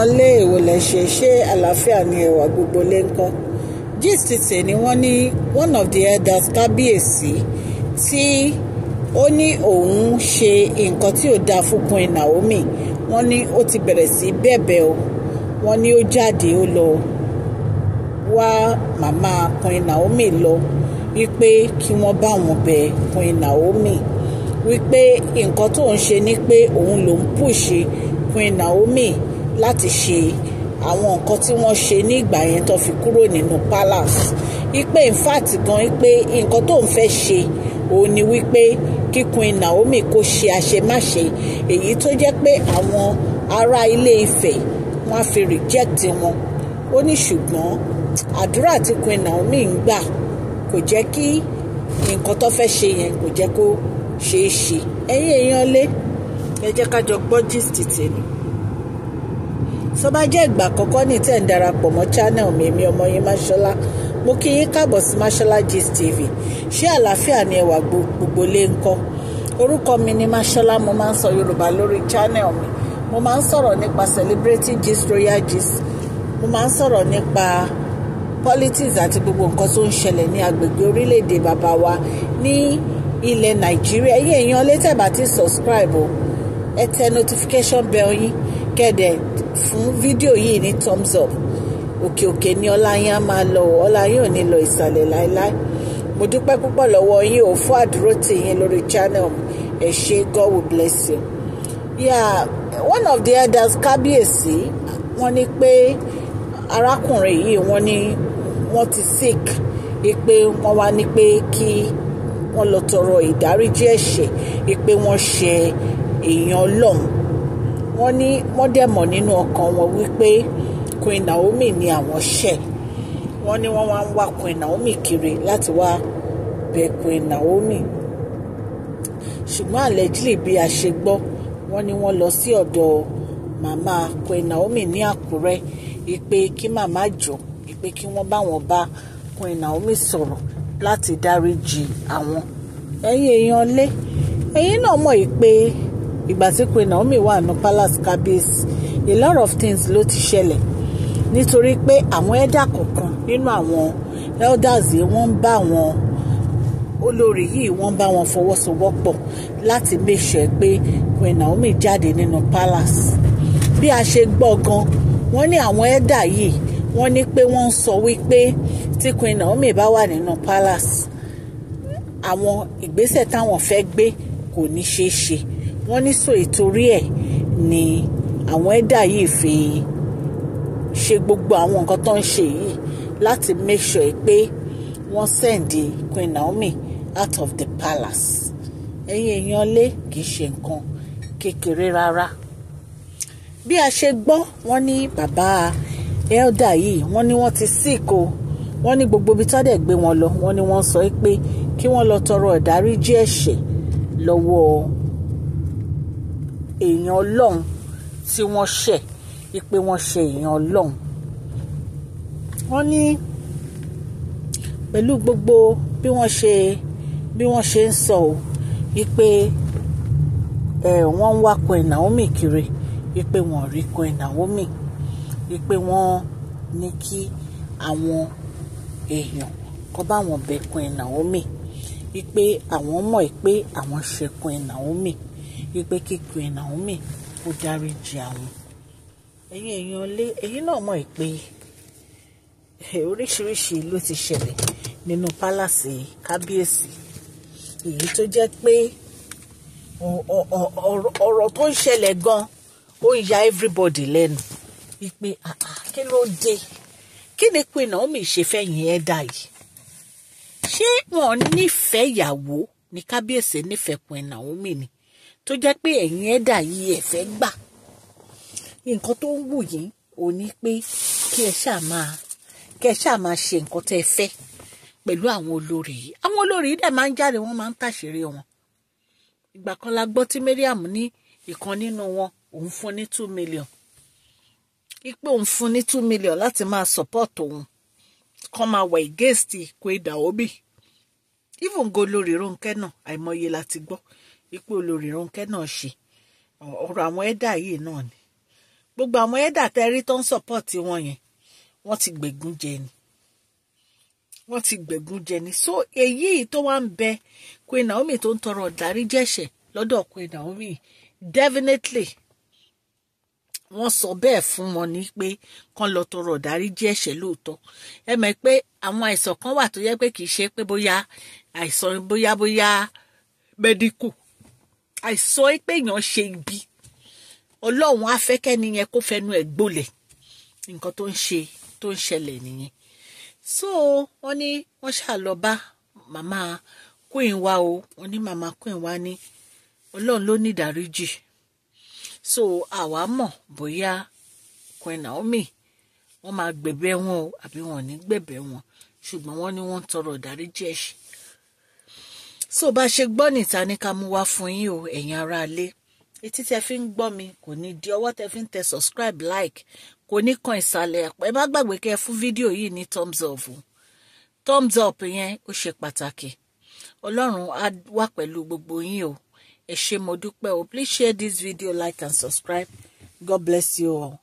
náà lé èwo lẹ ṣe ṣé àlàáfíà ni ẹwà gbogbo lé ń kọ́ gist tè ni wọ́n ní one of the elders kábíyèsí tí ó ní òun ṣe nǹkan tí ò dáa fún Queen Naomi wọ́n ní ó ti bẹ̀rẹ̀ sí bẹ̀bẹ̀ o wọ́n ní ó jáde ó lọ wá màmá Queen Naomi lọ wípé kí wọ́n bá wọn bẹ Queen Naomi wípé nǹkan tó ń ṣe ni pé òun lòún pùṣe Queen Naomi láti ṣe àwọn nǹkan tí wọ́n ṣe ní ìgbà yẹn tó fi kúrò nínú palace ipe in fact gan ipe nǹkan tó ń fẹ́ ṣe òun ni wípé kí Queen Naomi kó ṣe àṣemáṣe èyí tó jẹ́ pé àwọn ará ilé Ifẹ̀ wọ́n á fi reject wọn ó ní ṣùgbọ́n àdúrà tí Queen Naomi ń gbà kò jẹ́ kí nǹkan tó fẹ́ ṣe yẹn kò jẹ́ kó é ṣe ẹ̀yin èèyàn lé ẹ jẹ́ ká jọ gbọ́ gist tèmi tó bá jẹ́ ìgbà àkọ́kọ́ ní tẹ̀ ń darapọ̀ mọ́ channel mi èmi ọmọ yín máṣọ́lá mo kí yín káàbọ̀ sí máṣọ́lá gist tv ṣé àlàáfíà ni ẹwà gbogbo lè ń kọ́ orúkọ mi ni máṣọ́lá mo máa ń sọ yorùbá lórí channel mi mo máa ń sọ̀rọ̀ nípa celebrity gist royal gist mo máa ń sọ̀rọ̀ nípa politics àti gbogbo nǹkan tó ń ṣẹlẹ̀ ní agbègbè orílẹ̀-èdè bàbá wa ní ilẹ̀ nàìjíríà ẹ̀yin èèyàn létẹ̀ bá ti subscribe o ẹ tẹ notification bell yín kẹ́dẹ̀ fún fídíò yìí ní thumbs up òkè òkè ni ọláyín á máa lọ ọ ọláyín ò ní lọ ìsàlẹ̀ láéláé mo dúpẹ́ púpọ̀ lọ́wọ́ yín ò fún àdúró tì lórí channel ẹ ṣé God will bless you. yeah one of the elders kábíyèsí wọ́n ní pé arákùnrin yìí wọ́n ní wọ́n ti sick pé wọ́n wá ní pé kí wọ́n lọ tọrọ ìdáríjì ẹ̀ṣẹ̀ pé wọ́n ṣe èèyàn ọlọ́run wọ́n ní wọ́n dẹ̀ mọ̀ nínú ọkàn wọn wípé Queen Naomi ni àwọn ṣẹ̀ wọ́n ní wọ́n wá ń wá Queen Naomi kiri láti wá bẹ̀ Queen Naomi ṣùgbọ́n allegedly bí a ṣe gbọ́ wọ́n ní wọ́n lọ sí ọ̀dọ̀ màmá Queen Naomi ní Àkúrẹ́ ìpè kí màmá jọ ìpè kí wọ́n bá wọn bá Queen Naomi sọ̀rọ̀ láti dáríjì àwọn ẹ̀yin èèyàn lé ẹ̀yin náà mọ̀ ìpè. E ìgbà tí Queen Naomi wà ní palace kábíyèsí a lot of things ló ti ṣẹlẹ̀ nítorí pé àwọn ẹ̀dà kọ̀ọ̀kan nínú àwọn elders yìí wọ́n ń bá wọn olórí yìí wọ́n bá wọn fọwọ́sowọ́pọ̀ láti make sure pé Queen Naomi jáde nínú palace bí a ṣe gbọ́ gan wọ́n ní àwọn ẹ̀dà yìí wọ́n ní pé wọ́n ń sọ wípé tí Queen Naomi bá wà nínú palace àwọn ìgbésẹ̀ táwọn fẹ́ gbé kò ní ṣeé ṣe wọ́n ní so ìtorí ẹ̀ ni àwọn ẹ̀dà yìí fi ṣe gbogbo àwọn nǹkan tó ń ṣe yìí láti make sure pé wọ́n sẹ́ǹdì Queen Naomi out of the palace ẹ̀yin èèyàn lé kìí ṣe nǹkan kékeré rárá bí a ṣe gbọ́ wọ́n ní bàbá elder yìí wọ́n ní wọ́n ti sick o wọ́n ní gbogbo ibi tọ́dẹ̀ gbé wọn lọ wọ́n ní wọ́n sọ pé kí wọ́n lọ tọrọ ìdáríjì ẹ̀ṣẹ̀ lọ́wọ́ èèyàn ọlọ́run tí wọ́n ṣẹ̀ pé wọ́n ṣe èèyàn ọlọ́run wọ́n ní pẹ̀lú gbogbo bí wọ́n ṣe bí wọ́n ṣe ń sọ ò pé ẹ wọ́n ń wá Queen Naomi kiri pé wọ́n rí Queen Naomi pé wọ́n ní kí àwọn èèyàn kọ́ bá wọn bẹ Queen Naomi. wípé àwọn mọ̀ pé àwọn ṣe Queen Naomi wípé kí Queen Naomi ó dáríjì àwọn ẹ̀yin èèyàn lé ẹ̀yin náà mọ̀ pé oríṣiríṣi ló ti ṣẹlẹ̀ nínú pálàsì kábíyèsí èyí tó jẹ́ pé ọ̀rọ̀ tó ń ṣẹlẹ̀ gan ó ń ya everybody lẹ́nu wípé ah, ah, kí ló dé kí ni Queen Naomi ṣe fẹ́yìn ẹ̀dá yìí ṣé wọn nífẹ̀ẹ́ ìyàwó ní kábíyèsí nífẹ̀ẹ́ Queen Naomi ni tó jẹ́ pé ẹ̀yin ẹ̀dà yìí ẹ̀ fẹ́ gbà nǹkan tó ń wù yín ò ní pé kí ẹ ṣáà máa kí ẹ ṣáà máa ṣe nǹkan tẹ́ ẹ fẹ́ àwọn olórí yìí àwọn olórí yìí dẹ̀ máa ń jáde wọ́n máa ń tàṣírí wọn ìgbà kan la gbọ́ tí Mariam ní ìkan nínú wọn òun fún ní two million ipe òun fún ní two million láti máa support òun kọ́ máa wà against Queen Naomi even go lórí Rónkẹ́ náà àìmọye la ti gbọ́ ipò olórí Rónkẹ́ náà ṣe ọ̀rọ̀ àwọn ẹ̀dà yìí náà ni gbogbo àwọn ẹ̀dà tẹ́rí tó ń sọ́pọ̀tì wọn yẹn wọ́n ti gbẹ̀gún jẹ ni wọ́n ti gbẹ̀gún jẹ ni so èyí tó wá ń bẹ Queen Naomi tó ń tọrọ ìdáríjẹ̀ṣẹ̀ lọ́dọ̀ Queen Naomi definitely wọ́n sọ bẹ́ẹ̀ fún wọn ní pé kán lọ tọrọ ìdáríjì ẹ̀ṣẹ̀ lóòótọ́ ẹ mọ̀ pé àwọn àìsàn kan wà tó yẹ pé kì í ṣe pé bóyá àìsàn bóyá bóyá mẹ́díkù àìsàn pé èèyàn ṣe ibi ọlọ́run á fẹ́ kẹ́ni yẹn kó fẹnu ẹ̀ gbolẹ̀ nǹkan tó ń ṣe tó ń ṣẹlẹ̀ nìyẹn so wọ́n ní wọ́n ṣàlọ́ bá màmá queen wa o wọ́n ní màmá queen wa ní ọlọ́run ló ní ìdáríjì so àwa mọ̀ bóyá Queen Naomi wọ́n máa gbẹ̀bẹ̀ wọn o àbí wọn ò ní gbẹ̀bẹ̀ wọn ṣùgbọ́n wọ́n ní wọ́n tọrọ ìdáríjì ẹ̀ṣẹ̀ so bá a ṣe gbọ́ níta ní ká mú wá fún yín o ẹ̀yin aráalé etí tẹ fi ń gbọ́ mi kò ní di ọwọ́ tẹ fi ń tẹ subscribe like kò ní kan ìsàlẹ̀ ẹ̀pẹ́ má gbàgbé kẹ́ fún fídíò yìí ní thumbs up o thumbs up yẹn ó ṣe pàtàkì ọlọ́run á wà pẹ̀lú gbogbo yín o ẹ ṣé mo dúpẹ́ o please share this video like and subscribe god bless you all.